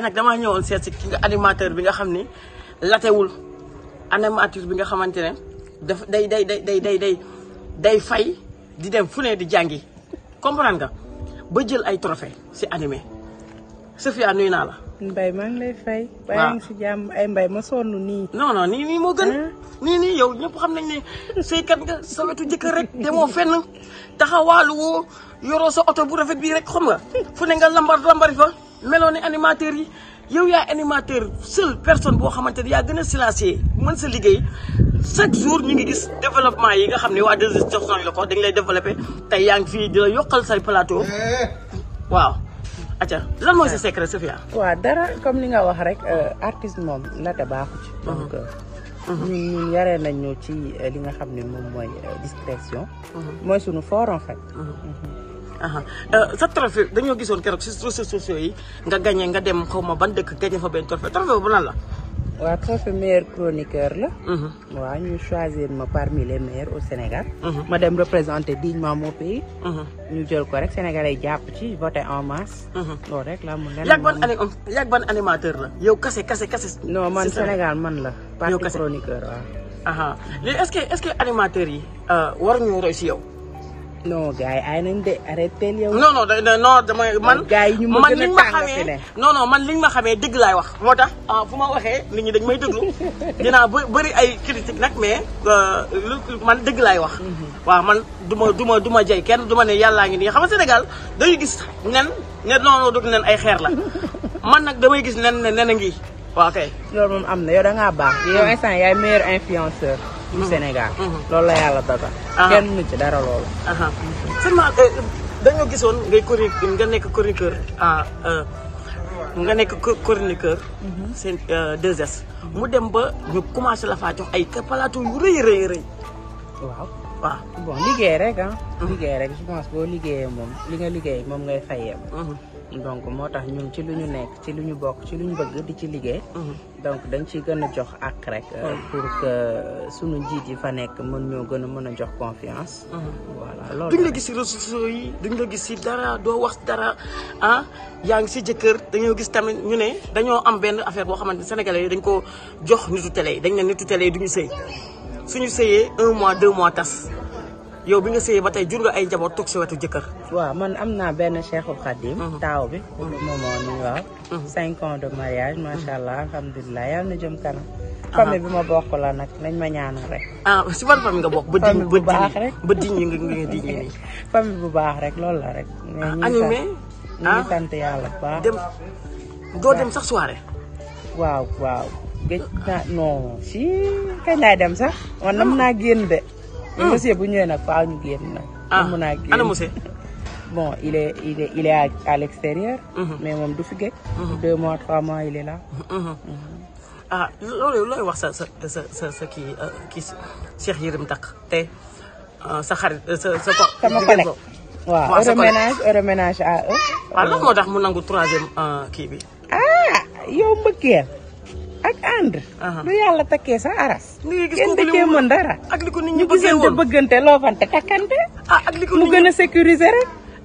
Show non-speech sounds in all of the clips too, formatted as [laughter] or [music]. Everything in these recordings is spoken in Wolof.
tey nag damaa ñëwoon seet si ki nga animateur bi nga xam ni latewul animateur bi nga xamante ne daf day day day day day day day fay di dem fu ne di jàngi comprendre nga ba jël ay trophée si animé Sofia nuyu naa la. Mbaye maa lay fay. waaw waaye si jàmm ay Mbaye ma sonn nii. non non nii nii moo gën. nii nii yow ñëpp xam nañ ne sëykat nga sa wetu jëkkër rek demoo fenn taxawaalu woo yoroo sa oto bu rafet bii rek xam nga fu ne nga lambar lambari fa. meloo ne animateur yi yow yaa animateur seul personne boo xamante ni yaa gën a silencieux man sa liggéey chaque jour ñu ngi gis développement yi nga xam ne waa 2STV la ko dañ lay développé tey yaa ngi fii di la yokkal say plateau eh. waaw. acca lan mooy sa eh. secret Sofia. waa dara comme li nga wax rek euh, artiste moom la te baaxu ci. Uh-huh. Euh, uh-huh. ci euh, li nga xam ne moom mooy discrétion. Uh-huh. sunu fort en Euh, sa trophée dañoo gisoon keroog si réseaux sociaux yi nga gagné nga dem xaw ma ban dëkk gagné fa benn trophée trophée bu lan la. waaw trophée meilleur chroniqueur la. Mhm. waaw ñu choisir ma parmi les meilleurs au Sénégal. Mhm. ma dem représenté dignement mon pays. Mhm. ñu jël ko rek sénégalais jàpp ci voté en masse. loolu rek la ban animateur la. yow kase kase kase. non man Sénégal man la. yow parti chroniqueur waaw. léegi est-ce que est-ce que animateurs yi euh, ñu roy si yow. non gars ay nañ de arrêté yow. non non non man. gars yi ñu ma gën a tàng si ne non non man liñ ma xamee dëgg laay wax. moo tax ah, fu ma waxee nit ñi dañ may déglu [laughs] dinaa bëri ay critique nag mais euh, man dëgg laay wax. Mhm. waaw man du ma du ma du ma jay kenn du ma ne yàllaa ngi nii xam nga Sénégal dañuy gis nen ne non non dugg nen ay xeer la [laughs] man nag damay gis nen ne nen a ngi. waaw kay. loolu moom am na yow da ngaa baax. Ah. yow instant yaay meilleur influenceur. Sénégal. loolu la yàlla data kenn mënu ci dara loolu. seulement dañoo gisoon ngay nga nekk chroniqueur nga nekk chroniqueur. seen 2 mu dem ba ñu commencé la faa jox ay plateau yu rëy rëy rëy. waaw waaw bon liggéey rek ah. liggéey rek je pense boo liggéeyee moom li nga liggéey moom ngay fayee. donc moo tax ñun ci lu ñu nekk ci lu ñu bokk ci lu ñu bëgg di ci liggéey. Mhm. donc dañ ciy gën a jox ak rek. Euh, pour que sunu njiit yi fa nekk mën ñoo gën a mën a jox confiance. Mhm. voilà loolu duñ gis si réseaux yi duñ gis si dara doo wax dara ah si jëkkër dañoo gis tamit ñu ne dañoo am benn affaire boo xamante ne sénégalais dañ ko jox nitu télé yi dañ ne nitu télé yi duñu sëy suñu sëyee un mois deux mois tas. yow bi nga sëyee ba tey jur nga ay njaboot toog si wetu jëkkër. waaw man am naa benn Cheikhul Khadim. Mhm. taaw bi. moom moo waaw. Mhm. cinq de mariage macha mhm. allah alhamdulilah yal na jëm kanam. Ah. famille bi ma bokk nag nañ ma ñaanal rek. ah si ban famille nga bokk. famille bu baax rek ba diñ ba diñ nga diñee nii. [laughs] bu baax rek loolu la rek. animé ñu ngi sant yàlla bu baax. dem doo dem sax soirée. waaw waaw. gëj naa non kañ laay dem sax man ah. naa génn de. Mm. monsieur bu ñëwee nag faaw ñu génn nag. ah ana monsieur bon il est il est il est à à l'extérieur. Mm-hmm. mais moom du fi géej. Mm-hmm. deux mois trois mois il est là. Mm-hmm. ah loolu looy wax sa sa sa sa kii euh, kii Cheikh Yérim Dak te euh, sa xarit euh, sa sa ko. sama collègue waaw reménage reménage à eux. waaw ah, lan moo tax mu nangu troisième kii bi. ah yow mbëggeel. ak ànd. lu yàlla takkee sa aras. kenn da cee mën ak li ko nit ñi bëggee woon ñu gisante bëggante loofante takkante. Ah, ak li ko ñi mu gën sécuriser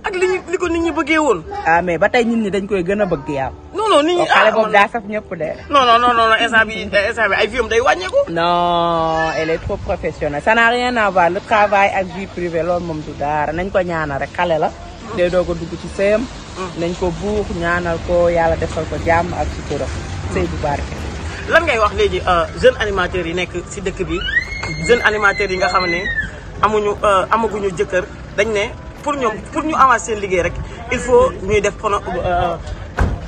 ak li ko nit ñi bëggee woon. ah mais ba tey nit ñi dañ koy gën a bëgg yàlla. non ni nit ñi oh, xale ah, daa saf ñëpp de. non non non non instant bi instant bi ay viam day wàññeeku. non elle est trop professionnelle. ça n'a rien à voir le travail ak vie privée loolu moom du dara nañ ko ñaana rek xale la. Mm. day doog a dugg ci mm. nañ ko buux ñaanal ko yàlla defal ko jàmm ak sutura. Mm. sëy bu barke. lan ngay wax léegi euh, jeune animateurs yi nekk si dëkk bi jeune animateurs yi nga xam ne amuñu euh, amaguñu jëkkër dañ ne pour ñoom pour ñu avancer seen liggéey rek il faut ñuy def prono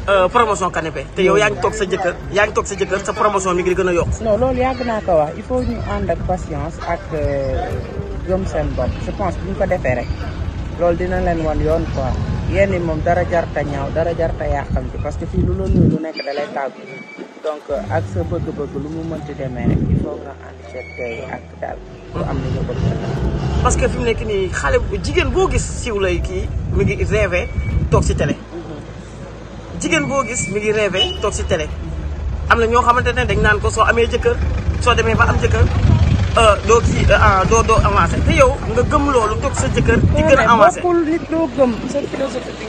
euh, promotion canapé te yow yaa ngi toog sa jëkkër yaa ngi toog sa jëkkër sa promotion mi ngi gën a yokk non loolu yàgg naa ko wax il faut ñu ànd ak patience ak gëm seen bopp je pense bu ñu ko defee rek loolu dina leen wan yoon quoi yenn moom dara jarta ñaaw dara jarta yàqam ci parce que fii lu loolu lu nekk da donc ak sa bëgg-bëgg lu mu mënti demee ne il faut nga ànd ceeg tey ak daal pour am lu parce que fi nekk nii xale jigéen boo gis siiw lay kii mi ngi rêvé toog si télé. Mhm. jigéen boo gis mi ngi rêvé toog si télé am na ñoo xamante ne dañ naan ko soo amee jëkkër soo demee ba am jëkkër Euh, doo kii euh, ah, doo doo avancé te yow nga gëm loolu toog sa jëkkër di gën a avancé bokkul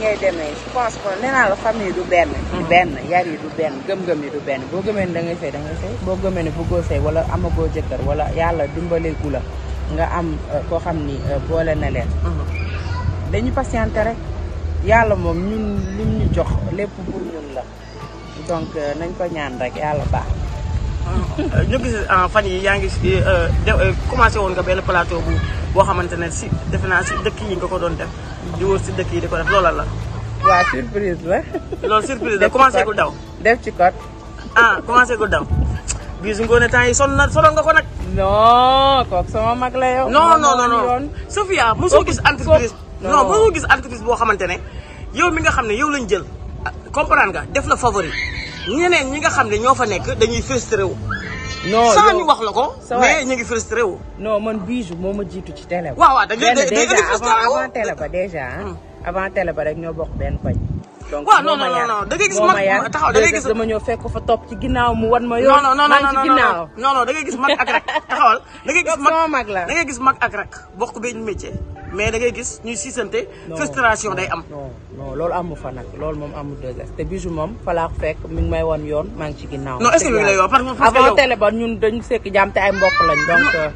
ngay demee je pense que nee naa mm-hmm. benn yar yi benn gëm-gëm yi du benn boo gëmee ne da ngay sëy da boo gëmee ne bëggoo sëy wala amagoo jëkkër wala yàlla dimbaleeku la nga am euh, koo xam ni boole na leen mm-hmm. dañu patienté rek yàlla moom ñun lim ñu jox lépp pour ñun la donc nañ ko ñaan rek yàlla baax ñu gis ah, fan yaa ngi si euh, euh, commencé woon nga benn plateau bu boo xamante ne si defe naa si dëkk yi nga ko doon def si dëkk yi di ko def loolal la. waaw surprise la. loolu surprise la commencé gul daw. def ci kot ah commencé gul daw. bisu ngoone yi sonn na sonal nga ko nag. non kooku sama mag la yow. non non non non Sofia mosoo gis entreprise. non mosoo gis entreprise boo xamante ne yow mi nga xam ne yow lañ jël. comprendre nga def la favori ñeneen ñi nga xam ne ñoo fa nekk dañuy frustré wu. non sans ñu wax la ko. mais ñu ngi frustré wu. non man Bijou moo ma jiitu ci télé ba. waaw waaw da ngeen di da ngeen frustré wu avant télé ba déjà. Hmm. avant télé ba rek ñoo bokk benn koñ. donc non non non da ngay gis mag taxaw da ngay dama ñëw fekk fa topp ci ginnaaw mu wan ma. yoon maa ngi ci ginnaaw non non da ngay gis mag ak rek taxawal. da ngay gis mag la da ngay gis mag ak rek bokk benn métier. mais da ngay gis ñuy siisante frustration day am non non loolu amu fa nag loolu moom amu deux te bijou moom fa laa fekk mi ngi may woon yoon maa ngi ci ginnaaw non est-ce que mi ngi lay yoon parce que avant télé ba ñun dañu sekk jaam te ay mbokk lañ donc euh,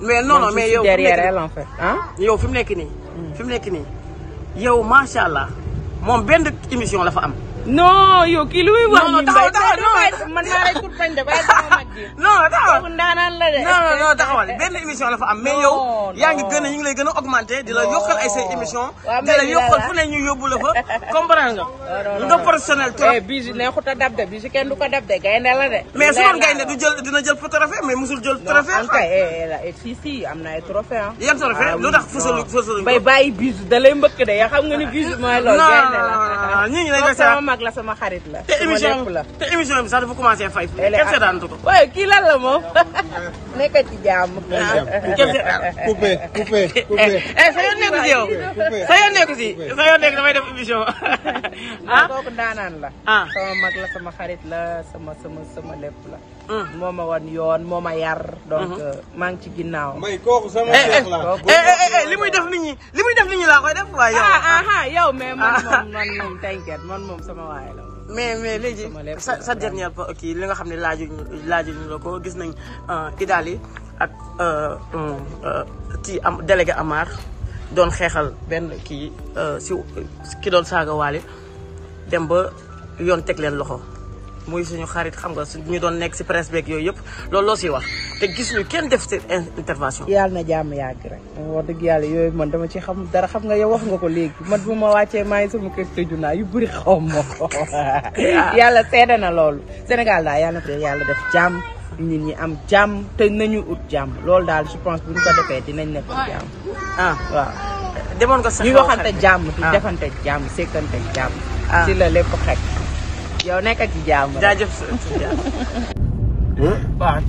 mais non non mais yow derrière elle en fait ah yow fi mu nekk nii hmm. fi mu nekk nii yow macha allah moom benn émission la fa am non yow kii lu muy wax. non la de. non non taxawal [laughs] benn émission la fa am. mais yow yaa gën a ñu ngi lay la yokkal ay say émission di la yokkal fu ne ñu yóbbu la fa [laughs] comprendre nga. nga trop. eh bii si neexut a dab de bii si kenn du ko dab de gaynde la de. mais su doon gaynde a jël dina jël trophée mais musul jël trophée. non en tout cas ah. eh, eh, eh, si si am na ay trophée ah. yan trophée ah, lu tax fësalu fësalu. bay bàyyi bisu da lay mbëkk de yaa xam nga ni bisu mooy loolu gaynde la mag la sama xarit la. te émission bi te émission bi sax dafa commencé fay. kenn seetaantu ko. waaye kii lan la moom. [laughs] nekk ci jàmm. kenn seetaan coupé eh, eh, coupé coupé. sa yoon nekku si yow sa yoon nekku si sa yoon nekk damay def émission. [laughs] ah kooku daanaan la. ah sama mag la sama xarit la sama sama sama lépp la. Mm. moo ma wan yoon moo ma yar. donc mm-hmm. euh, maa ngi ci ginnaaw. mbay kooku sama seex eh, eh, eh, li muy def nit ñi li ñi laa koy def waaye. yow ah, ah, ah, mais man moom man moom t'inquiète man moom sama waay la. mais mais léegi sa sa dernière kii li nga xam ne laajuñu laajuñu la ko gis nañ euh, Idali ak euh, kii am délégué doon xeexal benn kii si ki doon saaga waale dem ba yoon teg leen loxo. muy suñu xarit xam nga ñu doon nekk si presse beeg yooyu yëpp lool loo siy wax te gis ñu kenn def ci intervention. yàlla na jàmm yàgg rek. wax dëgg yàlla yooyu man dama ci xam dara xam nga yow wax nga ko léegi man bu ma wàccee maa ngi sama kër tëju naa yu bëri xaw ma ko. [laughs] yàlla seede na loolu. Sénégal daal yàlla na yàlla def jàmm. nit ñi am jàmm te nañu ut jàmm loolu daal je pense bu ñu ko defee dinañ nekk jàmm. ah, ah waaw. demoon nga sax ñu waxante jàmm. di ah. defante jàmm sekkante jàmm. Ah. ci la lépp xaj. yow nekk ak jàmm rek jaajëf sa waaw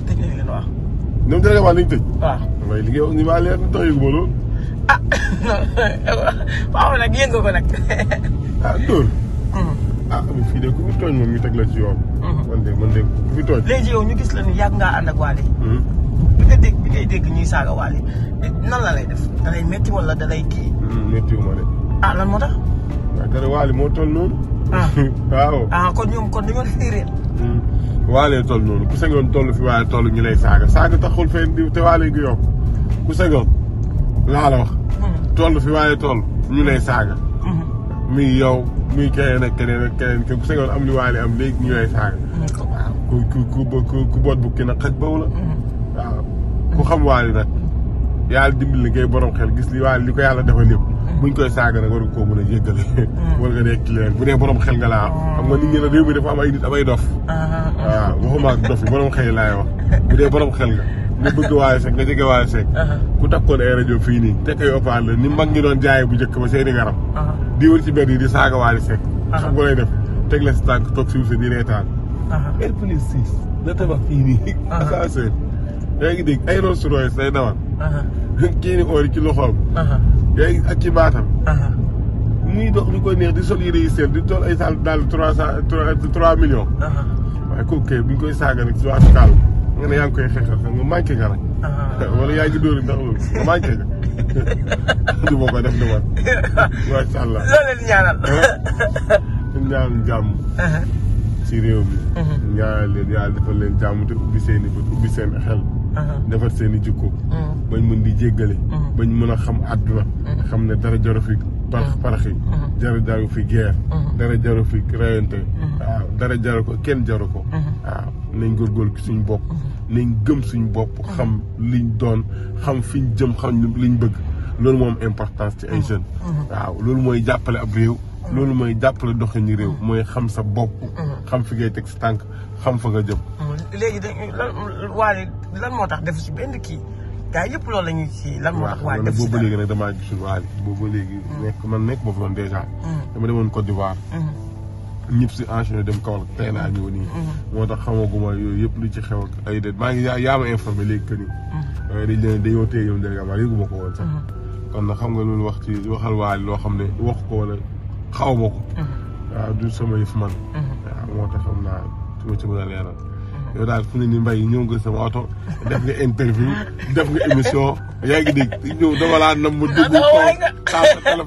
ni maa leer na tax yëgu ma loolu. ah [laughs] waaw nag yëngu ko nag. [laughs] ah dóor. Hmm. ah fii de ku fi tooñ moom ñu teg la ci yoon. Hmm. man de man ak hmm. nga dégg bi ngay dégg ñuy saaga Wally nan la lay def da lay métti wala da ah [laughs] waaw. ah kon ñoom kon dañoo fiiree. Hmm. waalee toll noonu ku sañoon toll fi waaye toll ñu lay saaga saaga taxul fenn diw te waalee gi yokku ku sañoon laa la wax. Hmm. toll fi waaye toll ñu lay saaga. muy hmm. yow muy keneen ak keneen ak keneen ku sañoon am li waalee am léegi ñu lay saaga. waaw ku ku ku ku boot bu kii nag xaj baw la. waaw ku xam waalee nag yàlla dimbali ngay borom xel gis li waalee li ko yàlla dafa lépp. buñ koy saaga nag waru koo mën a jéggale mm. war nga nekk leer bu dee borom xel nga laa mm. xam nga nit ñi réew am ay nit am ay dof ah, ah, ah. waaw waxuma ak dof yi borom xel laay wax bu dee borom xel nga nga bëgg waaye ku takkoon ay rajo fii nii te koy oppaan la ni mag ngi doon jaaye bu njëkk ba seeni garam di wër ci benn di saaga waaye sek xam nga lay si tànk toog di reetaan R plus six na tabax fii nii ascenseur yaa ngi dégg ay Rolls Royce lay dawal kii ni oori ci loxoom yaa ngi ak ci baatam. muy dox ñu koy neex di sol yére yi seet di tol ay saal daal trois cent trois millions. waaye kooku kay bu ñu koy saaga nag si waa Sikaal nga ne yaa ngi koy xeexal xam nga manqué nga nag. [laughs] wala yaa ngi dóori ndax loolu nga manqué nga. [laughs] du ma def di war. [laughs] allah loolu la ñaanal. ñaan jàmm. ci réew mi. ñaanal mm-hmm. leen yàlla defal leen jàmm te ubbi seeni i bët ubbi seen xel. Mm-hmm. defar seen i jikko. Mm-hmm. bañ mën di jéggale. bañ mën a xam àdduna. xam ne dara jaru fi parax parax yi. dara jaru fi guerre. dara jaru fi rayante. waaw dara jaru ko kenn jaru ko. waaw nañ góorgóorlu gëm suñ bopp xam liñ doon xam fiñ jëm xam liñ bëgg loolu moom importance ci ay jeunes. waaw loolu mooy jàppale ab réew. loolu mooy jàppale doxinu réew mooy xam sa bopp. Mm-hmm. xam fi ngay teg sa xam fa nga jëm. Mm-hmm. léegi dañuy lan waaye moo tax def si benn kii gars yëpp loolu la ñuy si lan moo tax. waaye def si boobu léegi mm-hmm. nekk man nekk boobu noonu dèjà. dama demoon Côte d'Ivoire. ñëpp si enchaîné dem Kaolack tey naa ñëw nii. moo tax xamaguma yooyu yëpp lu ci xew ak maa ngi yaa ma informé léegi que ni. dañu leen ma yëguma ko woon sax. kon nag xam nga loolu wax ci wax waaye loo xam ne wax ko wala. xaw ma ko. Mhm. waaw du sama yëf man. Mhm. waaw moo tax xam naa su ma ci a leeral. Mhm. yow daal fu ne ni mbay ñëw nga sama oto def nga interview def nga émission yaa ngi dégg ñëw dama laa nam ma dugg ko defal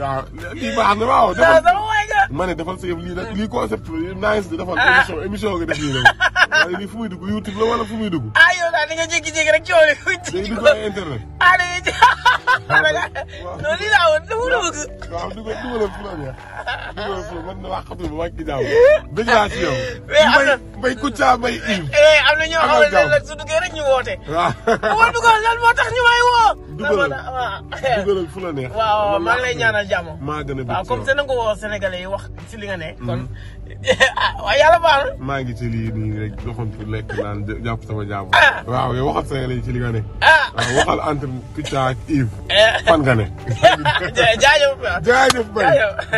ah, ma ne defal di defal émission ah. émission nga def lii nag waaye lii fu muy dugg youtube la wala fu muy dugg ah yow daal di nga jékki-jékki rek coono day [laughs] dugg Ada yi ci non lii dugalal fu dugalal fu man waxatu ma wàcc [laughs] am na mbay Kouthia mbay Yves. Eh, eh, am ñu woote. [laughs] waaw bu ma dugal lan moo tax ñu may woo. dugalal dugalal fu la neex. [laughs] waaw maa ngi lay ñaanal maa gën a waaw comme te na nga woo sénégalais yi wax ci li nga ne. kon hmm. ah, waaw yàlla baax maa ngi ci lii nii rek doxantu lekk naan jàpp sama jàmm. Ah. waxal sénégalais yi ci li ah. waxal entre dem Kouthia ak Yves fan nga ne. [laughs] jaajëf jaajëf